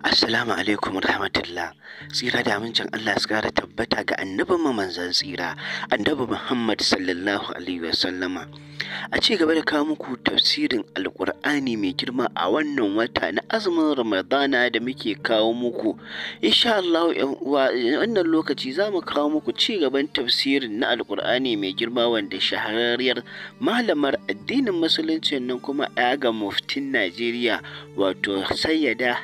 Assalamu alaikum rahmatullah. Tsira da amincin Allah su kara tabbata ga annabin manzon tsira, annabi Muhammad sallallahu alaihi wa a ci gaba da kawo muku tafsirin alkur'ani mai girma a wannan wata na azumin ramadana da muke kawo muku insha Allah wannan lokaci za mu kawo muku ci gaban tafsirin na alkur'ani mai girma wanda shahararriyar malamar addinin musulunci nan kuma ga muftin Najeriya wato sayyada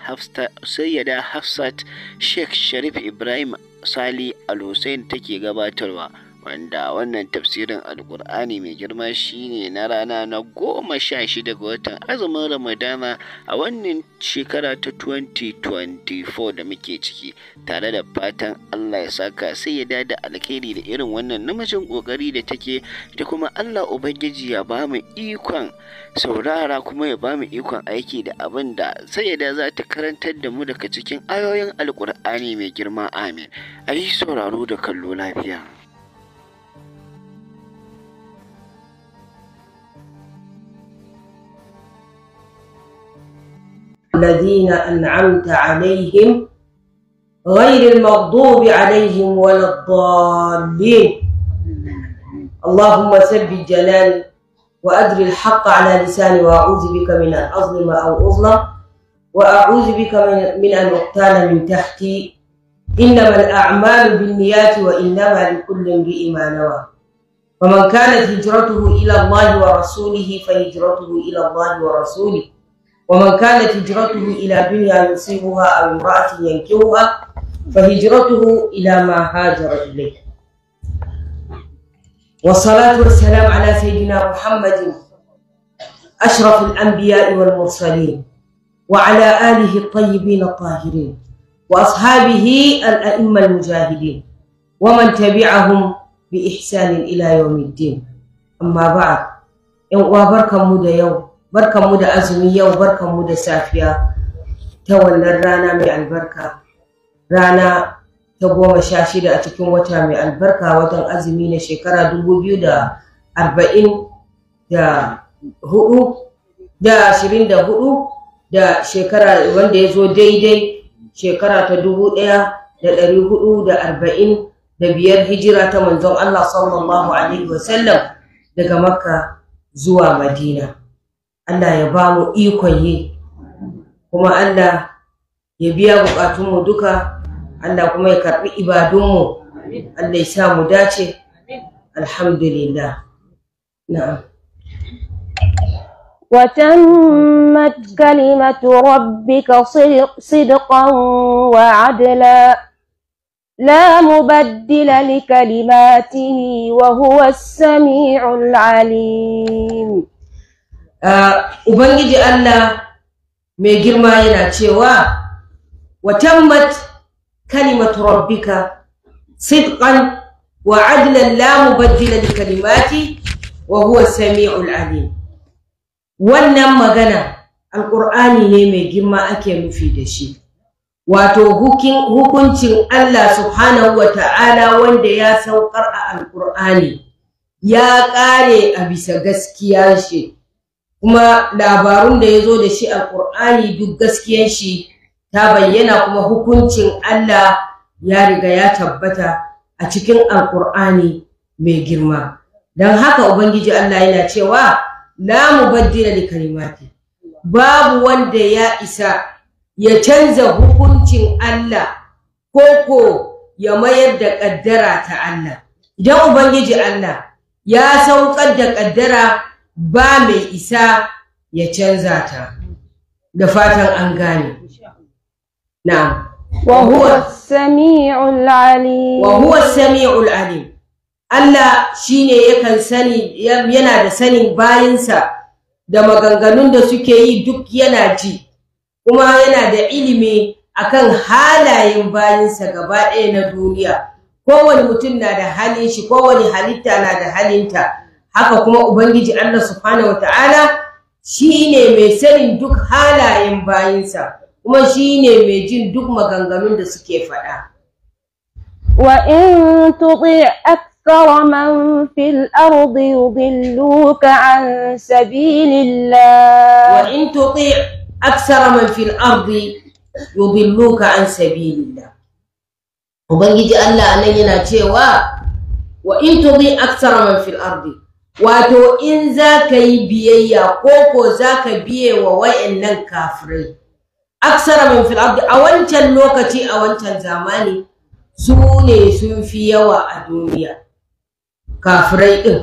Hafsat Sheikh Sharif Ibrahim Sali Al-Hussein take gabatarwa. wanda wannan tafsirin alkur'ani mai girma shine na rana na goma sha shida ga watan azumin ramadana a wannan shekara ta 2024 da muke ciki tare da fatan allah ya saka sai ya dada alkhairi da irin wannan namijin kokari da take da kuma allah ubangiji ya ba mu ikon saurara kuma ya ba mu ikon aiki da abin da sai ya da za ta karantar da mu daga cikin ayoyin alkur'ani mai girma amin a yi sauraro da kallo lafiya الذين أنعمت عليهم غير المغضوب عليهم ولا الضالين اللهم سب الجلال وأدري الحق على لساني وأعوذ بك من أن أظلم أو أظلم وأعوذ بك من أن أقتال من تحتي إنما الأعمال بالنيات وإنما لكل امرئ ما نوى ومن كانت هجرته إلى الله ورسوله فهجرته إلى الله ورسوله ومن كانت هجرته إلى دنيا يصيبها أو امرأة ينكرها فهجرته إلى ما هاجر إليه والصلاة والسلام على سيدنا محمد أشرف الأنبياء والمرسلين وعلى آله الطيبين الطاهرين وأصحابه الأئمة المجاهدين ومن تبعهم بإحسان إلى يوم الدين أما بعد وبركة مدى يوم barkanmu da azumi yau barkanmu da safiya ta wannan rana mai albarka rana ta goma sha shida a cikin wata mai albarka watan azumi na shekara dubu biyu da arba'in da hudu da ashirin da hudu da shekara wanda ya zo daidai shekara ta dubu ɗaya da ɗari hudu da arba'in da biyar hijira ta manzon Allah sallallahu alaihi wasallam daga makka zuwa madina Allah ya ba mu ikon yi kuma Allah ya biya bukatunmu duka Allah kuma ya karbi ibadunmu Allah ya sa mu dace alhamdulillah na'am وتمت كلمة ربك صدقا وعدلا لا مبدل لكلماته وهو السميع العليم Eh, ubangiji Allah mai girma yana cewa watammat tammat kalimatu rabbika sidqan wa adlan la mubaddila li kalimati wa huwa samiul alim wannan magana alqur'ani ne mai girma ake nufi da shi wato hukuncin Allah subhanahu wa ta'ala wanda ya saukar a alqur'ani ya ƙare a bisa gaskiya shi kuma labarun da ya zo da shi alƙur'ani duk gaskiyar shi ta bayyana kuma hukuncin Allah ya riga ya tabbata a cikin alƙur'ani mai girma don haka ubangiji Allah yana cewa la mubaddila li kalimati babu wanda ya isa ya canza hukuncin Allah koko ya mayar da ƙaddara ta Allah idan ubangiji Allah ya saukar da ƙaddara ba mai isa ya canza ta da fatan an gane na'am wa huwa sami'ul alim wa huwa sami'ul Allah shine yakan sani yana da sanin bayinsa da maganganun da suke yi duk yana ji kuma yana da ilimi akan halayen bayinsa gaba ɗaya na duniya kowane mutum na da halin shi kowane halitta na da halinta haka kuma ubangiji Allah subhanahu wataala shine mai sanin duk halayen bayinsa kuma shine mai jin duk maganganun da suke faɗa wa in tuti akthara man fil ardi yudilluka an sabilillah wa in tuti akthara man fil ardi yudilluka an sabilillah ubangiji Allah anan yana cewa wa in tuti akthara man fil ardi wato in za ka yi biyayya ko ko za ka biye wa wayannan kafirai aksara min fil a wancan lokaci a wancan zamani su ne sun fi yawa a duniya kafirai din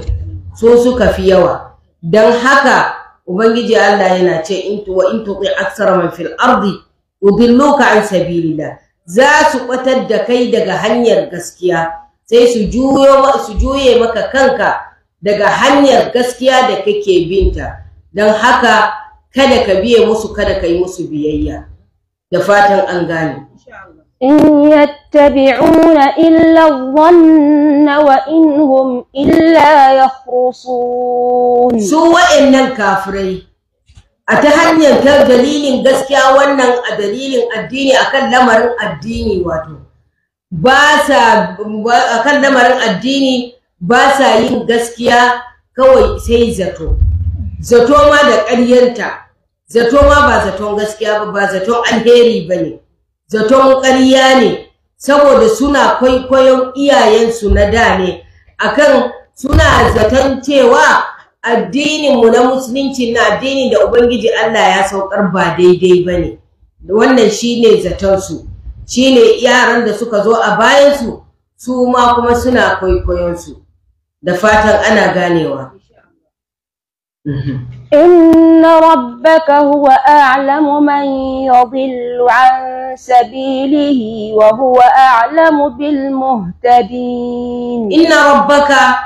so suka fi yawa dan haka ubangiji Allah yana ce in tu wa in tuqi aksara min fil ardi udilluka an sabilillah za su kwatar da kai daga hanyar gaskiya sai su juye maka kanka daga hanyar gaskiya da kake binta don haka kada ka biye musu kada ka yi musu biyayya da fatan an gane in yattabi'una illa dhanna wa innahum illa yakhrusun su wa'annan kafirai a ta hanyar ta dalilin gaskiya wannan a dalilin addini akan lamarin addini wato ba sa akan lamarin addini ba sa yin gaskiya kawai sai zato zato ma da ƙaryanta zato ma ba zaton gaskiya ba ba zaton alheri ba ne zaton ƙarya ne saboda suna kwaikwayon iyayensu na da ne akan suna zaton cewa addininmu na musulunci na addini da ubangiji Allah ya saukar ba daidai ba ne wannan shine zatonsu shine yaran da suka zo a bayansu su ma kuma suna kwaikwayon su. da fatan ana ganewa. Mhm. Inna rabbaka huwa a'lamu man yadhillu an sabilihi wa huwa a'lamu bil muhtadin. Inna rabbaka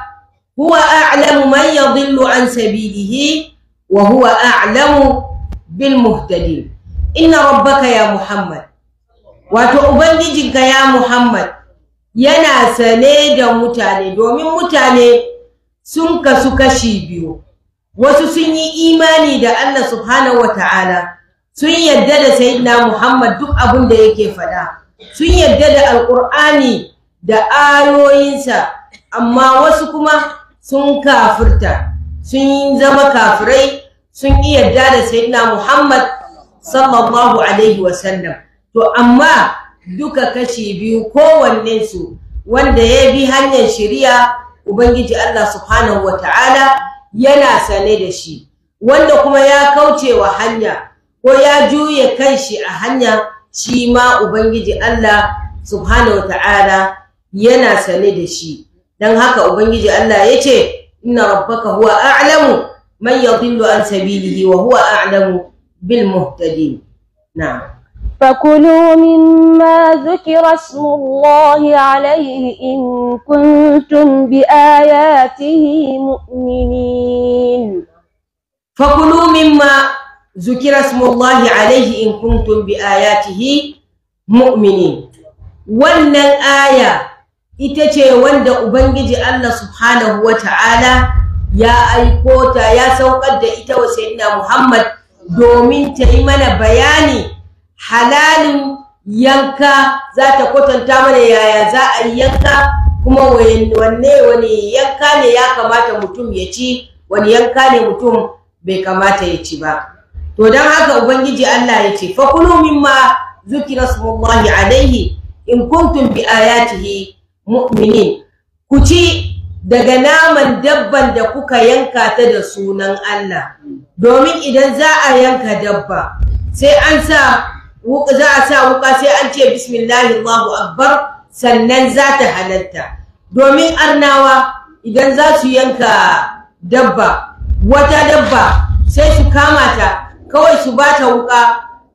huwa a'lamu man yadhillu an sabilihi wa huwa a'lamu bil muhtadin. Inna rabbaka ya Muhammad. Wato ubangijinka ya Muhammad yana sane da mutane domin mutane sun kasu kashi biyu wasu sun yi imani da Allah subhanahu wataala sun yadda da sayyidina Muhammad duk abin da yake faɗa sun yadda da alqur'ani da ayoyinsa amma wasu kuma sun kafirta sun zama kafirai sun yi yadda da sayyidina Muhammad sallallahu alaihi wasallam to amma duka kashi biyu kowanne su wanda ya bi hanyar shiriya ubangiji Allah subhanahu wataala yana sane da shi wanda kuma ya kauce wa hanya ko ya juye kanshi a hanya shi ma ubangiji Allah subhanahu wataala yana sane da shi Don haka ubangiji Allah ya ce, "Ina rabbaka huwa a'lamu man yadillu an sabilihi wa huwa a'lamu bil muhtadin na'am فكلوا مما ذكر اسم الله عليه إن كنتم بآياته مؤمنين فكلوا مما ذكر اسم الله عليه إن كنتم بآياته مؤمنين ولن الآية إتجي وند أبنجي الله سبحانه وتعالى يا أيقوتا يا سوقد إتوا سيدنا محمد دومين تيمان بياني halalin yanka za ta kwatanta mana yaya za a yi yanka kuma wanne wani yanka ne ya kamata mutum ya ci wani yanka ne mutum bai kamata ya ci ba to don haka ubangiji Allah ya ce fakulu mimma zukira a alaihi in kuntum bi ayatihi mu'minin ku ci daga naman dabban da kuka yanka ta da sunan Allah domin idan za a yanka dabba sai an sa za a sa wuka sai an ce bismillahi Allahu akbar sannan za ta halatta domin arnawa idan za su yanka dabba wata dabba sai su kama ta kawai su ba ta wuka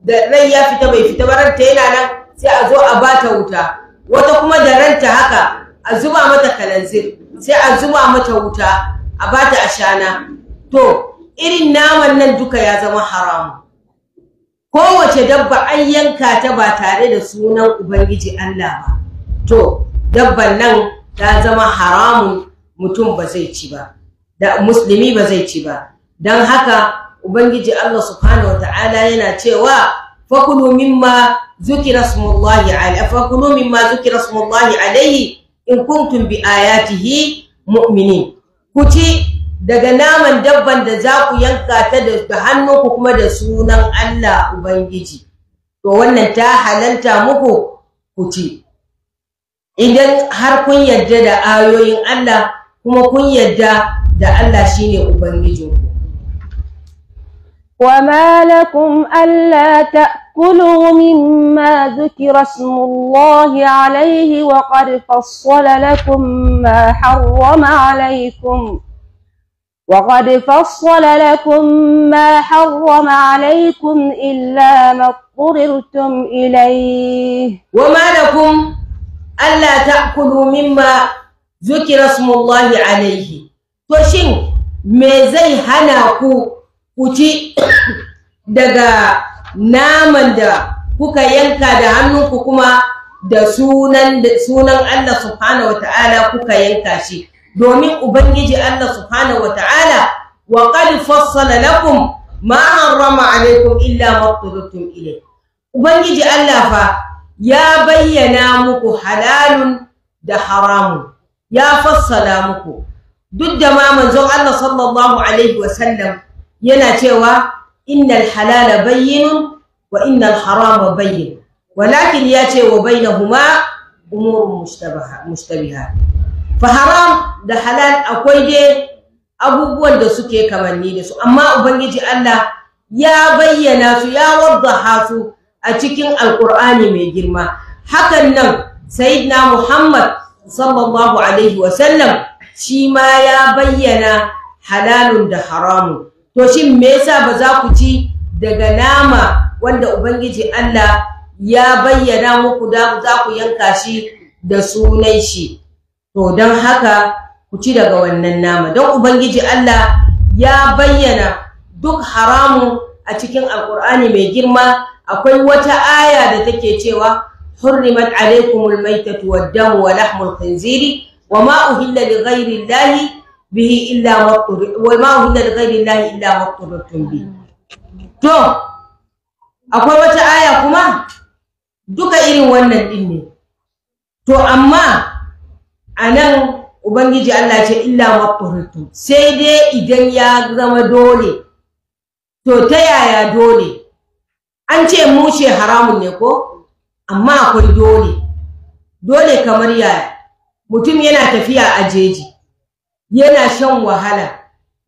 da rai ya fita bai fita ba ranta yana nan sai a zo a ba ta wuta wata kuma da ranta haka a zuba mata kalanzir sai a zuba mata wuta a ba ta ashana to irin naman nan duka ya zama haramu kowace dabba an yanka ta ba tare da sunan ubangiji Allah ba to dabban nan ta zama haramun mutum ba zai ci ba da musulmi ba zai ci ba don haka ubangiji Allah subhanahu ta’ala yana cewa fakulu ma, zukira smullahi alaihi fakulu mimma zukira smullahi alaihi in kuntum bi ayatihi mu'minin ku ci daga naman dabban da za ku yanka ta da hannunku kuma da sunan Allah Ubangiji. To wannan ta halanta muku ku ci. Idan har kun yarda da ayoyin Allah kuma kun yarda da Allah shine Ubangijinku. وما لكم ألا تأكلوا مما ذكر اسم الله عليه وقد فصل لكم ما حرم عليكم وقد فصل لكم ما حرم عليكم إلا ما اضطررتم إليه وما لكم ألا تأكلوا مما ذكر اسم الله عليه فشن ميزي هناكو كتي دقا نامن دا كوكا ينكا دا hannunku كما دا سونا, sunan Allah subhanahu wataala kuka yanka shi domin ubangiji Allah subhanahu wataala wa qad fassala lakum ma harrama alaikum illa ma tudtum ilayhi ubangiji Allah fa ya bayyana muku halalun da haramun ya fassala muku duk da ma manzon Allah sallallahu alaihi wasallam yana cewa innal halala bayyinun wa innal harama bayyin walakin ya ce wa bainahuma umurun mushtabiha fa da halal akwai dai abubuwan da suke kamanni da su amma ubangiji Allah ya bayyana su ya waddaha su a cikin alkur'ani mai girma hakan nan sayyidina Muhammad sallallahu alaihi wa shi ma ya bayyana halalun da haramun to shin me yasa ba za ku ci daga nama wanda ubangiji Allah ya bayyana muku da za ku yanka shi da sunan shi to don haka ku ci daga wannan nama don ubangiji Allah ya bayyana duk haramu a cikin alkur'ani mai girma akwai wata aya da take cewa hurrimat alaikumul maitatu wa lahmul khinziri wa ma uhilla li llahi bihi illa wa ma uhilla li llahi illa bi to akwai wata aya kuma duka irin wannan din to amma a nan ubangiji Allah ce illa mafuritu sai dai idan ya zama dole to ta yaya dole an ce mushe haramun ne ko amma akwai dole dole kamar yaya mutum yana tafiya a jeji yana shan wahala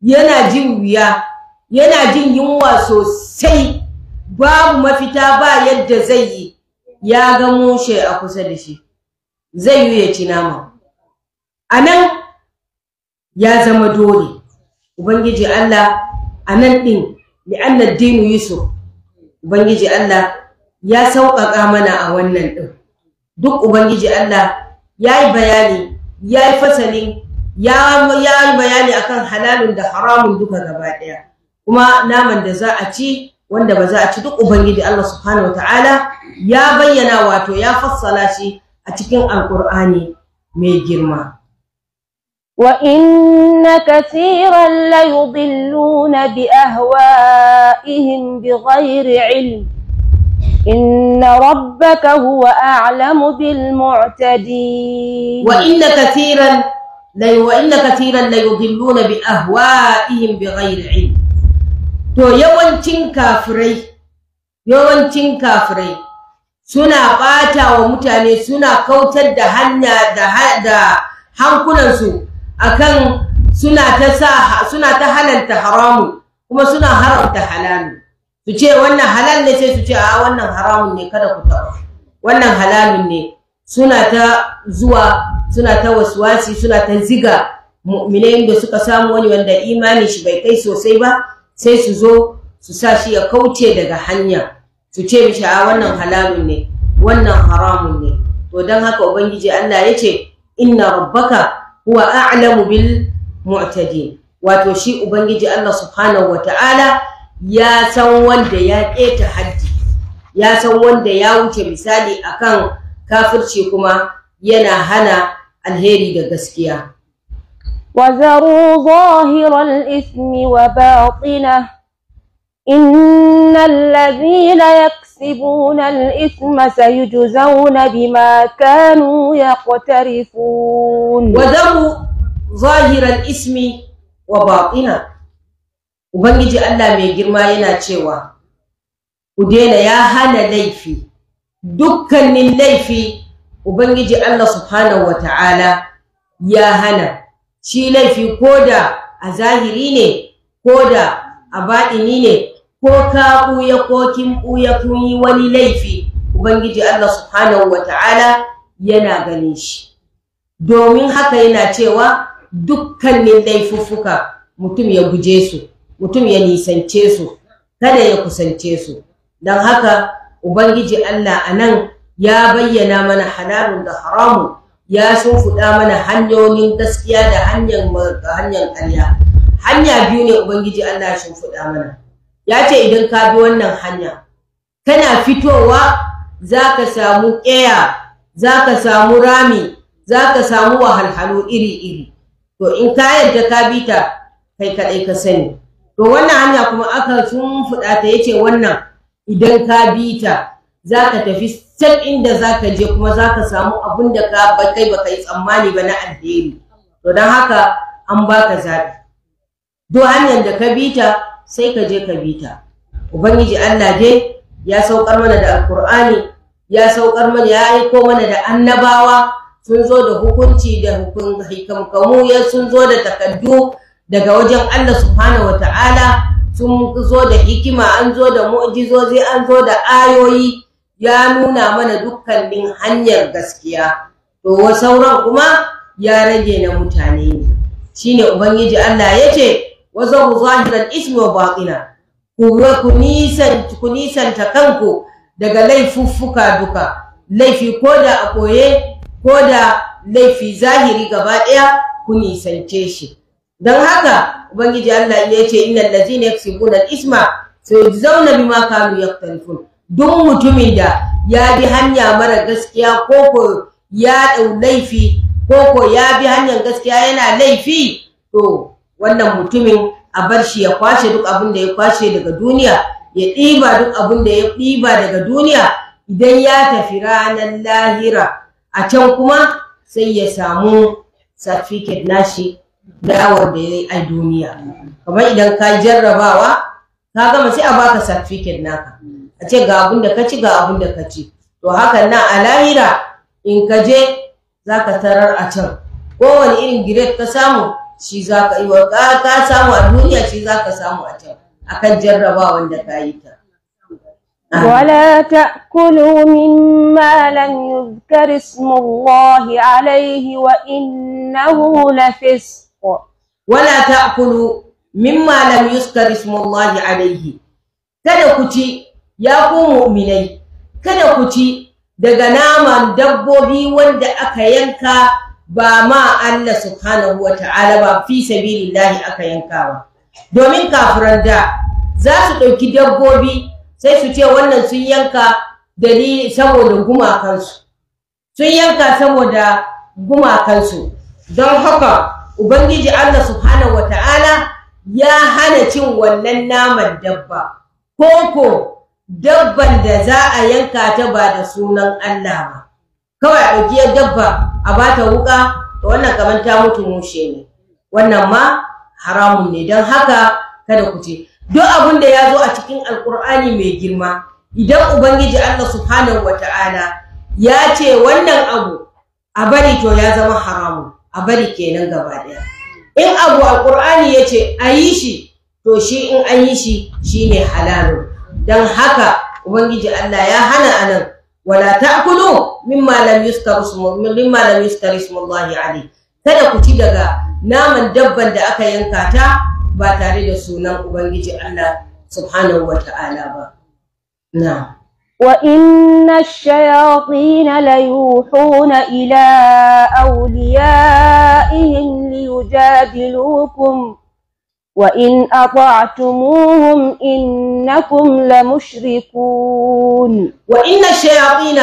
yana jin wuya yana jin yunwa sosai babu mafita ba yadda zai yi ya ga mushe a kusa da shi zai yi ya ci nama Anan ya zama dole ubangiji Allah a nan ɗin li'annar dinu yusuf ubangiji Allah ya sauƙaƙa mana a wannan ɗin duk ubangiji Allah ya yi bayani ya yi fasali ya yi bayani akan halalun da haramun duka gaba ɗaya kuma naman da za a ci wanda ba za a ci duk ubangiji Allah subhanahu wataala ya bayyana wato ya fassala shi a cikin alƙur'ani mai girma وإن كثيرا ليضلون بأهوائهم بغير علم إن ربك هو أعلم بالمعتدين وإن كثيرا وإن كثيرا ليضلون بأهوائهم بغير علم to yawancin kafirai yawancin سنا قاتا ومتاني سنا كوتا دهنا دهنا دهنا hanya da akan suna ta sa suna ta halalta haramun kuma suna haramta halalu su ce wannan halal ne sai su ce a wannan haramun ne kada ku taɓa wannan halalun ne suna ta zuwa suna ta waswasi suna ta ziga mu'minai da suka samu wani wanda imani shi bai kai sosai ba sai su zo su sa shi ya kauce daga hanya su ce mishi a wannan halalun ne wannan haramun ne to don haka ubangiji Allah ya ce inna rabbaka هو أعلم بالمعتدين وتوشيء بنجي الله سبحانه وتعالى يا سوون يا إيت حدي يا سوون ديا وش مثالي أكان كافر شيكما ينا هنا الهيري دقسكيا وذروا ظاهر الإثم وباطنه إن الذين يكسرون يكسبون الإثم سيجزون بما كانوا يقترفون وذروا ظاهر الإثم وباطنه Ubangiji Allah mai girma yana cewa, Ku daina ya hana laifi, dukkanin laifi Ubangiji Allah subhanahu wa ta'ala ya hana, shi laifi ko da a zahiri ne, ko da a baɗini ne, ko ka ɓuya ko kin ɓuya kun yi wani laifi ubangiji Allah subhanahu wata'ala yana ganin shi domin haka yana cewa dukkanin laifuffuka mutum ya guje su mutum ya nisance su kada ya kusance su don haka ubangiji Allah a nan ya bayyana mana halalun da haramu ya shimfuɗa mana hanyoyin gaskiya da hanyar hanyar ƙarya hanya biyu ne ubangiji Allah ya shimfiɗa mana ya ce idan ka bi wannan hanya kana fitowa za ka samu ƙeya za ka samu rami za ka samu wahalhalu iri-iri to in ka yarda ka bi ta kai kaɗai ka sani to wannan hanya kuma aka sun fuɗa ta ya ce wannan idan ka bi ta za ka tafi can inda za ka je kuma za ka samu abin da ka kai ba ka yi tsammani ba na alheri to don haka an baka zaɓi duk hanyar da ka bi ta sai ka je ka bi ta ubangiji Allah dai ya saukar mana da alkur'ani ya saukar mana ya aiko mana da annabawa sun zo da hukunci da hikamkamu, ya sun zo da takaddu daga wajen Allah subhanahu wataala sun zo da hikima an zo da mu'jizozi an zo da ayoyi ya nuna mana dukkanin hanyar gaskiya to sauran kuma ya rage na mutane ne shine ubangiji Allah yace wazaru zahiran ismi wa batina ku nisan ku nisanta kanku daga laifuffuka duka laifi koda a koye koda laifi zahiri gaba daya ku nisance shi dan haka ubangiji Allah ya ce innal ladzina yaksubuna al-isma zauna bima kanu yaqtalifun duk mutumin da ya bi hanya mara gaskiya ko ko ya dau laifi ko ya bi hanyar gaskiya yana laifi to wannan mutumin a bar shi ya kwashe duk abin da ya kwashe daga duniya ya ɗiba duk abin da ya ɗiba daga duniya idan ya tafi ranar lahira a can kuma sai ya samu certificate nashi dawar da ya yi a duniya kamar idan ka jarrabawa ka gama sai a baka certificate naka a ce ga abin da ka ci ga abin da ka ci to hakan nan a lahira in ka je za ka tarar a can kowane irin grade ka samu shi za ka yi wa ka samu a duniya shi za ka samu a can akan jarrabawan da ka yi ta ولا تأكلوا مما لم يذكر اسم الله عليه وإنه لفسق ولا تأكلوا مما لم يذكر اسم الله عليه kada ku ci ya ku mu'minai kada ku ci daga naman dabbobi wanda aka yanka ba ma Allah subhanahu wa ta'ala ba fi sabilillahi aka yankawa domin kafiran da za su ɗauki dabbobi sai su ce wannan sun yanka dali saboda gumakansu sun yanka saboda gumakansu don haka ubangiji Allah subhanahu wa ta'ala ya hana cin wannan naman dabba koko dabban da za a yanka ta ba da sunan Allah ba kawai a ɗauki yar dabba a ba ta wuƙa, to wannan kamar ta mutu mushe ne wannan ma haramun ne don haka kada ku ce duk abin da ya zo a cikin alkur'ani mai girma idan ubangiji Allah subhanahu wata'ala ya ce wannan abu a bari to ya zama haramu a bari kenan gaba ɗaya in abu Alƙur'ani ya ce a yi shi to shi in an yi shi shi ne halalu don haka ubangiji Allah ya hana anan wala ta mimma min yuzkar ismu mimma lam kada ku ci daga naman dabban da aka yanka ta ba tare da sunan ubangiji Allah subhanahu wata'ala ba na'am وإن الشياطين ليوحون إلى أوليائهم ليجادلوكم وإن أطعتموهم إنكم لمشركون وإن الشياطين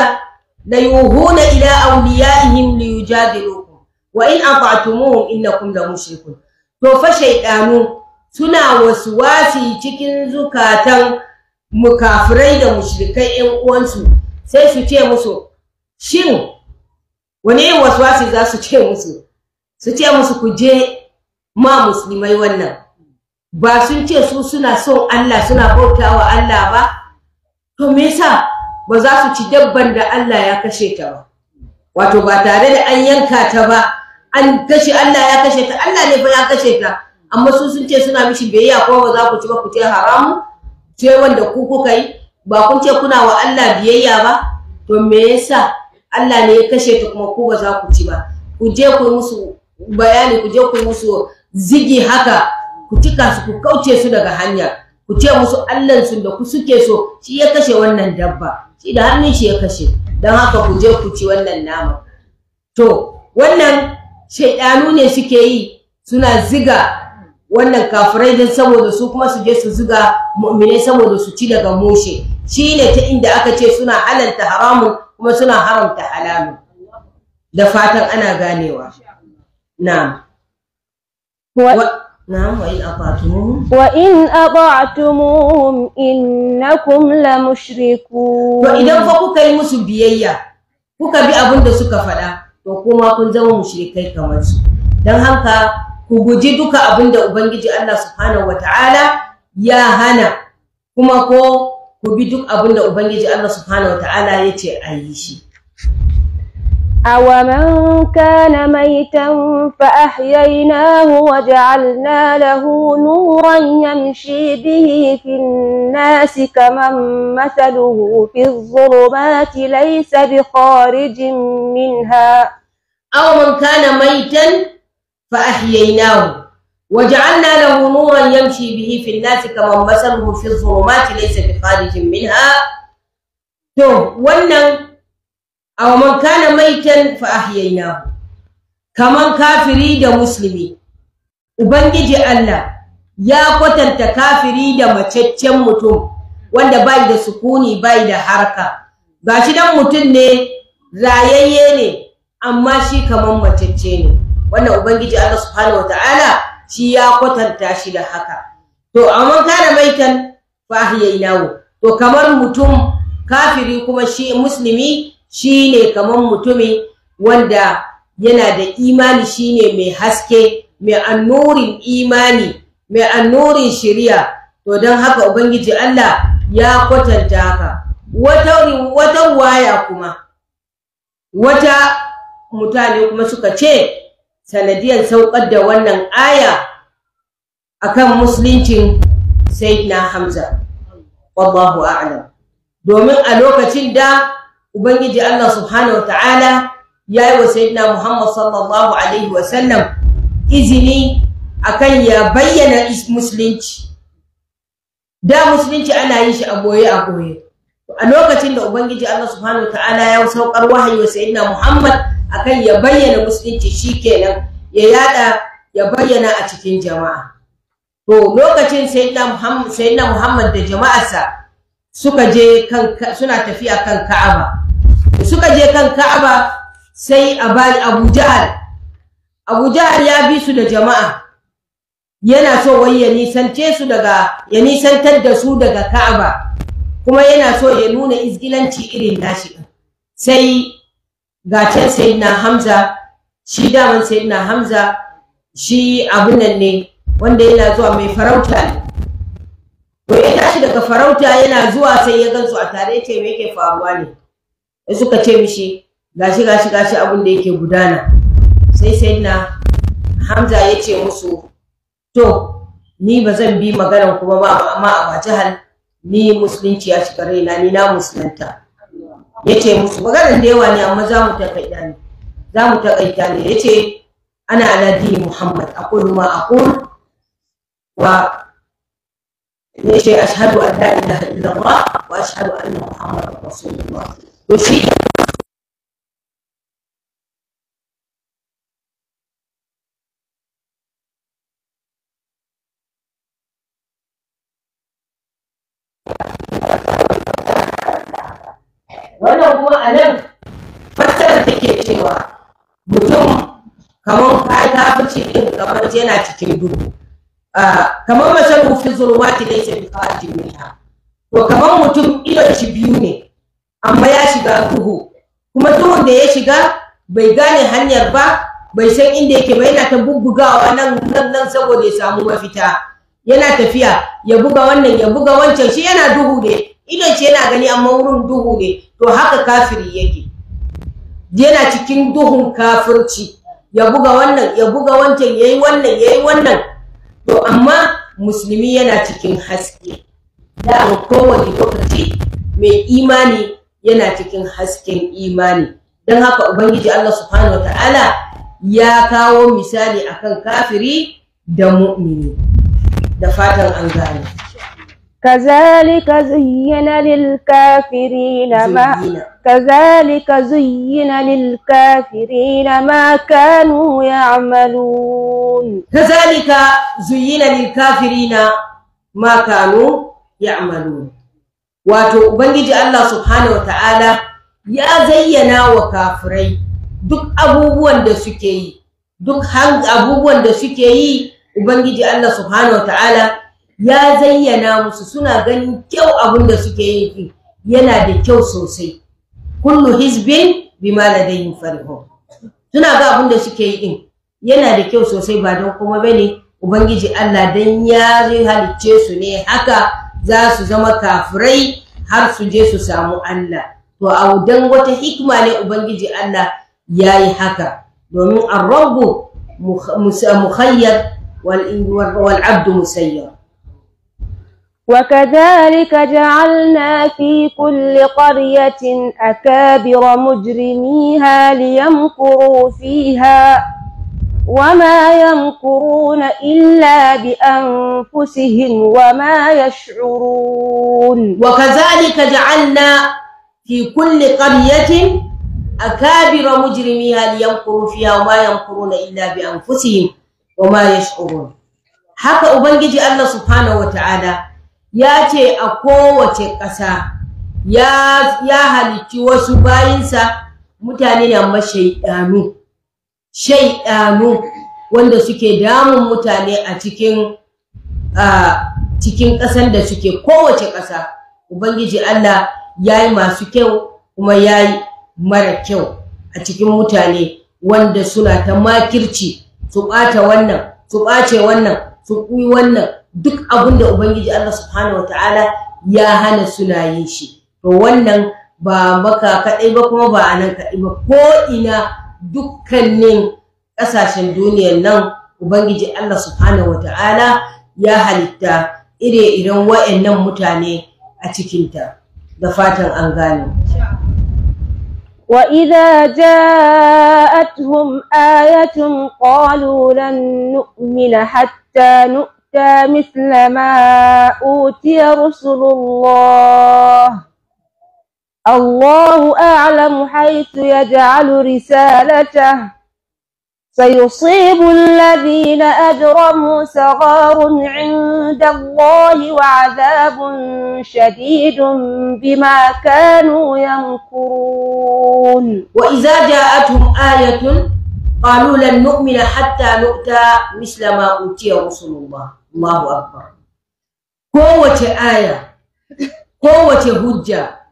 ليوهون إلى أوليائهم ليجادلوكم وإن أطعتموهم إنكم لمشركون to fa shaidanu suna waswasi cikin zukatan mukafirai da mushrikai ƴan uwansu sai su ce musu shin wani waswasi za su ce musu su ce musu ku je ma musulmai wannan ba sun ce su suna son Allah suna bauta wa Allah ba to me yasa ba za su ci dabban da Allah ya kashe ta ba wato ba tare da an yanka ta ba an kashe Allah ya kashe ta Allah ne fa ya kashe ta amma su sun ce suna mishi biyayya ko ba za ku ci ba ku ce haramu ce wanda ku kuka yi ba kun ce kuna wa Allah biyayya ba to me yasa Allah ne ya kashe ta kuma ku ba za ku ci ba ku je ku musu bayani ku je ku musu zigi haka ku cika su ku kauce su daga hanya ku ce musu allansu da ku suke so shi ya kashe wannan dabba shi da hannun shi ya kashe don haka ku je ku ci wannan nama to wannan shaidanu ne suke yi suna ziga wannan kafirai don saboda su kuma su je su ziga mu'minai saboda su ci daga mushe shine ta inda aka ce suna halalta haramu kuma suna haramta halalu da fatan ana ganewa na'am نعم وإن أطعتموهم وإن أطعتموهم إنكم لمشركون وإذا فكوك يمس بيئة كوك بأبن دسوك فلا وكما كن زمو مشركي كمانسو دان هنكا كوجي دوك أبن دا أبنجي الله سبحانه وتعالى يا هنا كما كو ku bi duk abin da Ubangiji Allah subhanahu wa أومن كان ميتا فأحييناه وجعلنا له نورا يمشي به في الناس كمن مثله في الظلمات ليس بخارج منها أومن كان ميتا فأحييناه وجعلنا له نورا يمشي به في الناس كمن مثله في الظلمات ليس بخارج منها تو wannan aw man kana maitan fa kaman kafiri da musulmi ubangiji Allah ya kwatanta kafiri da macaccen mutum wanda bai da sukuni bai da harka shi dan mutum ne rayayye ne amma shi kamar macacce ne wannan ubangiji Allah subhanahu wataala shi ya kwatanta shi da haka to amman kana maitan fa to kamar mutum kafiri kuma shi musulmi Shi ne kaman mutumi wanda yana da imani shine mai haske mai annurin imani mai annurin shiriya to don haka ubangiji Allah ya kwatanta haka wata waya kuma wata mutane kuma suka ce sanadiyar saukar da wannan aya akan musuluncin na Hamza wallahu a'lam domin a lokacin da ubangiji Allah subhanahu wataala yi wa sayyidina Muhammad sallallahu alaihi wa sallam izini akan ya bayyana musulunci da musulunci ana yin shi a goye a goye a lokacin da ubangiji Allah subhanahu wataala ya saukar wahayi wa sayyidina Muhammad akan ya bayyana musulunci shikenan ya yada ya bayyana a cikin jama'a to lokacin sayyidina Muhammad sayyidina Muhammad da jama'arsa suka je kan suna tafiya kan Ka'aba suka je kan Ka'aba sai a Abu Jahal Abu Jahal ya bi su da jama'a yana so wai ya nisance su daga ya nisantar da su daga Ka'aba kuma yana so ya nuna izgilanci irin nashi sai ga can sayyidina Hamza shi daman sayyidina Hamza shi abun nan ne wanda yana zuwa mai farauta ne to ya tashi daga farauta yana zuwa sai ya gansu a tare ce me yake faruwa ne suka ce mishi gashi gashi gashi abin da yake gudana sai sai na hamza ya ce musu to ni ba zan bi maganar kuma ba amma a jihar ni musulunci ya shiga raina ni na musulunta ya ce musu maganar da yawa ne amma za mu takaita ne za mu takaita ne ya ce ana aladi muhammad aqul ma aqul wa ya ce ashhadu an la ilaha illallah wa ashhadu anna muhammadan rasulullah Meu filho, wannan kuma a nan fassara take cewa mutum kamar kai ta fice din kamar yana cikin duhu kamar masharu fi zulmati laysa bi kharijin minha to kamar mutum idon shi biyu ne amma ya shiga duhu kuma duhun da ya shiga bai gane hanyar ba bai san inda yake ba yana ta bubbugawa nan nan nan saboda ya samu mafita yana tafiya ya buga wannan ya buga wancan shi yana duhu ne idon shi yana gani amma wurin duhu ne to haka kafiri yake yana cikin duhun kafirci ya buga wannan ya buga wancan yayi wannan yayi wannan to amma musulmi yana cikin haske da kowane lokaci mai imani yana cikin hasken imani don haka ubangiji Allah subhanahu wataala ya kawo misali akan kafiri da mu'mini da fatan an gane كذلك زين للكافرين ما كذلك زين للكافرين ما كانوا يعملون كذلك زين wato ubangiji Allah subhanahu wataala ya zayyana wa kafirai duk abubuwan da suke yi duk abubuwan da suke yi ubangiji Allah subhanahu wataala ya zayyana musu suna ganin kyau abin da suke yi yana da kyau sosai kullu hizbin bima ladayhim farihun suna ga abin da suke yi din yana da kyau sosai ba don kuma bane ubangiji Allah dan ya halicce su ne haka za su zama kafirai har su je su samu Allah to a dan wata hikima ne ubangiji Allah yayi haka domin ar-rabbu mukhayyar wal 'abdu musayyar وكذلك جعلنا في كل قرية أكابر مجرميها ليمكروا فيها وما يمكرون إلا بأنفسهم وما يشعرون وكذلك جعلنا في كل قرية أكابر مجرميها ليمكروا فيها وما يمكرون إلا بأنفسهم وما يشعرون haka أبنجي الله سبحانه وتعالى ياتي أقوة a kowace ƙasa ya ya halicci wasu bayinsa mutane shaiɗanu wanda suke damun mutane a cikin cikin ƙasar da suke kowace ƙasa ubangiji Allah ya yi masu kyau kuma ya yi mara kyau a cikin mutane wanda suna ta makirci su ɓata wannan su ɓace wannan su ƙuyi wannan duk abin da ubangiji Allah subhanahu wataala ya hana suna yin shi to wannan ba maka kaɗai ba kuma ba a nan kaɗai ba ko ina dukkanin ƙasashen duniyan nan ubangiji Allah subhanahu wata'ala ya halitta ire-iren wa'annan mutane a cikinta da fatan an gane وإذا جاءتهم آية قالوا لن نؤمن حتى نؤتى مثل ما أوتي رسل الله الله أعلم حيث يجعل رسالته سيصيب الذين أجرموا صغار عند الله وعذاب شديد بما كانوا يمكرون وإذا جاءتهم آية قالوا لن نؤمن حتى نؤتى مثل ما أوتي رسول الله الله أكبر قوة آية قوة هجة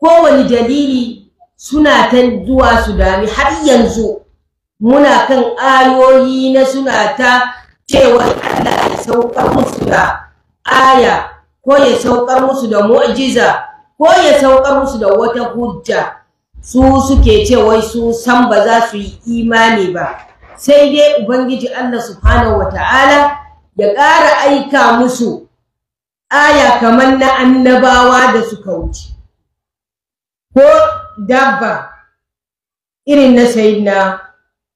kowane dalili suna ta zuwa su dami har yanzu muna kan ayoyi na suna ta cewa Allah ya saukar musu da aya ko ya saukar musu da mu'jiza ko ya saukar musu da wata hujja su suke ce wai su san ba za su yi imani ba sai dai ubangiji Allah subhanahu wataala ya ƙara aika musu aya kamar na annabawa da suka wuce ko dabba irin na sayidna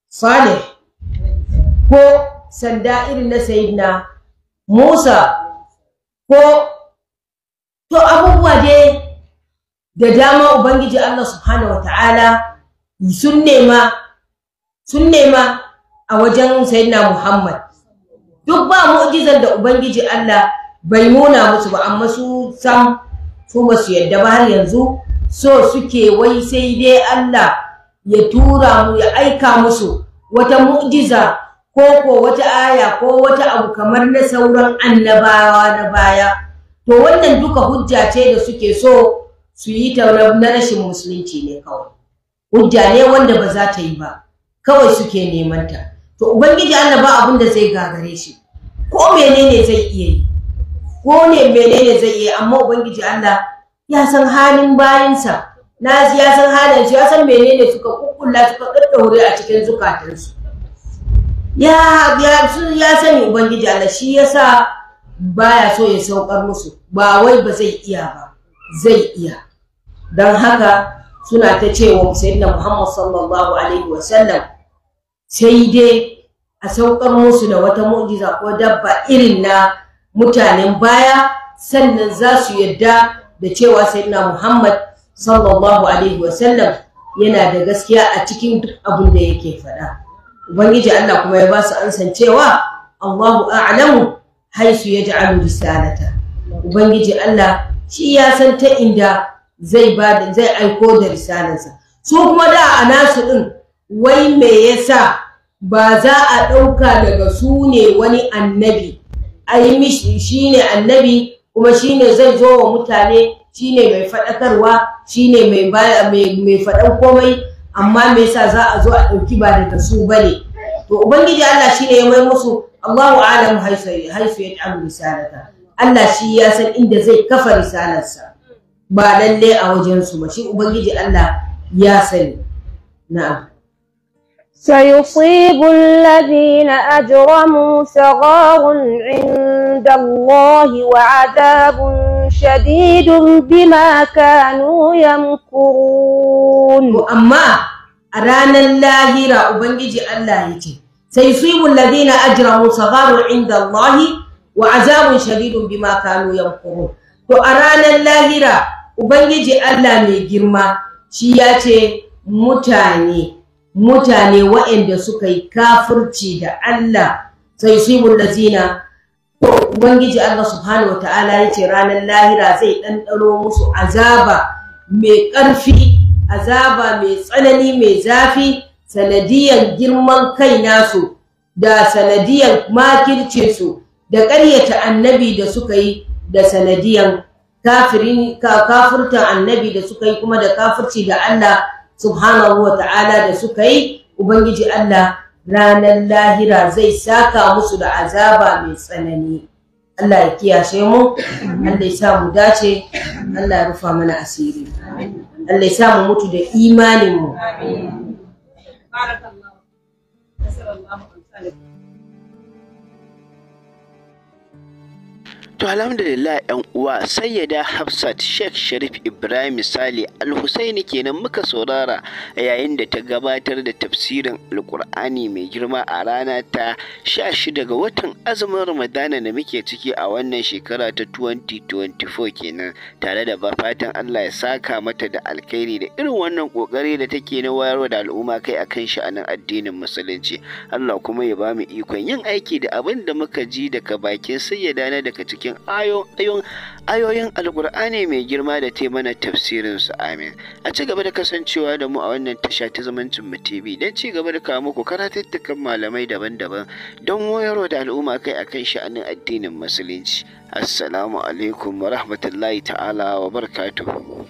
salih ko sanda irin na sayidna musa ko to abubuwa dai da dama ubangiji allah subhanahu wataala sun nema sun nema a wajen sayidna muhammad duk ba mu'jizar da ubangiji allah bai nuna musu ba amma su sam su ba yadda ba har yanzu so suke wai sai dai Allah ya tura mu ya aika musu wata mu'jiza ko ko wata aya ko wata abu kamar na sauran annabawa na baya to wannan duka hujja ce da suke so su yi ta na rashin musulunci ne kawai hujja ne wanda ba za ta yi ba kawai suke neman ta to ubangiji Allah ba abin da zai gagare shi ko menene zai iya yi ko ne menene zai iya amma ubangiji Allah ya san halin bayansa na ya san halin ya san menene suka kukkulla suka daddaure a cikin zukatansu ya ya ya sani ubangiji Allah shi yasa baya so ya saukar musu ba wai ba zai iya ba zai iya dan haka suna ta cewa sayyidina Muhammad sallallahu alaihi wasallam sai dai a saukar musu da wata mu'jiza ko dabba irin na mutanen baya sannan za su yadda da cewa sayyidina Muhammad sallallahu alaihi wasallam yana da gaskiya a cikin duk abin da yake faɗa ubangiji Allah kuma ya ba su ansan cewa Allahu a'lamu haisu yaj'alu risalata ubangiji Allah shi ya san ta inda zai ba da zai aiko da risalarsa su kuma da a nasu din wai me yasa ba za a ɗauka daga su ne wani annabi ai mishi shi annabi kuma shine zai zo wa mutane shine mai faɗakarwa shine mai mai faɗan komai amma me yasa za a zo a ɗauki ba daga su bane to ubangiji Allah shine ya mai musu Allahu a'lamu haisu yaj'alu risalata Allah shi ya san inda zai kafa risalarsa ba lalle a wajen su ba shi ubangiji Allah ya sani na'am سيصيب الذين أجرموا صغار عند الله وعذاب شديد بما كانوا يمكرون أما أرانا الله را أبنجي الله يتي سيصيب الذين أجرموا صغار عند الله وعذاب شديد بما كانوا يمكرون وأرانا الله را أبنجي الله ميجرما شياتي mutane mutane waɗanda suka yi kafirci da Allah sai su yi ubangiji Allah subhanahu wataala yace ranar lahira zai ɗanɗano musu azaba mai ƙarfi azaba mai tsanani mai zafi sanadiyar girman kai nasu da sanadiyar makirce su da ƙaryata annabi da suka yi da sanadiyan kafirin kafurtan annabi da suka yi kuma da kafirci da Allah subhanahu wataala da suka yi ubangiji Allah ranar lahira zai saka musu da azaba mai tsanani Allah ya kiyashe mu Allah ya sa mu dace Allah ya rufa mana asiri Allah ya sa mu mutu da imanin mu amin barakallahu To alhamdulillah ‘yan uwa sayyada Hafsat Sheikh Sharif Ibrahim Misali Al-Husaini kenan muka saurara yayin da ta gabatar da tafsirin Al-Qur'ani mai girma a rana ta 16 ga watan azumin Ramadana da muke ciki a wannan shekara ta 2024 kenan tare da fatan Allah ya saka mata da alkhairi da irin wannan kokari da take na wayar da al'umma kai akan sha'anin addinin musulunci Allah kuma ya ba mu ikon yin aiki da abin da muka ji daga bakin sayyada na daga cikin cikin ayoyin alkur'ani mai girma da ta mana tafsirin su amin a ci gaba da kasancewa da mu a wannan tasha ta zumuncin mu tv dan ci gaba da kawo muku karatattakan malamai daban-daban don wayarwa da al'umma kai akan sha'anin addinin musulunci assalamu alaikum wa rahmatullahi ta'ala wa barakatuh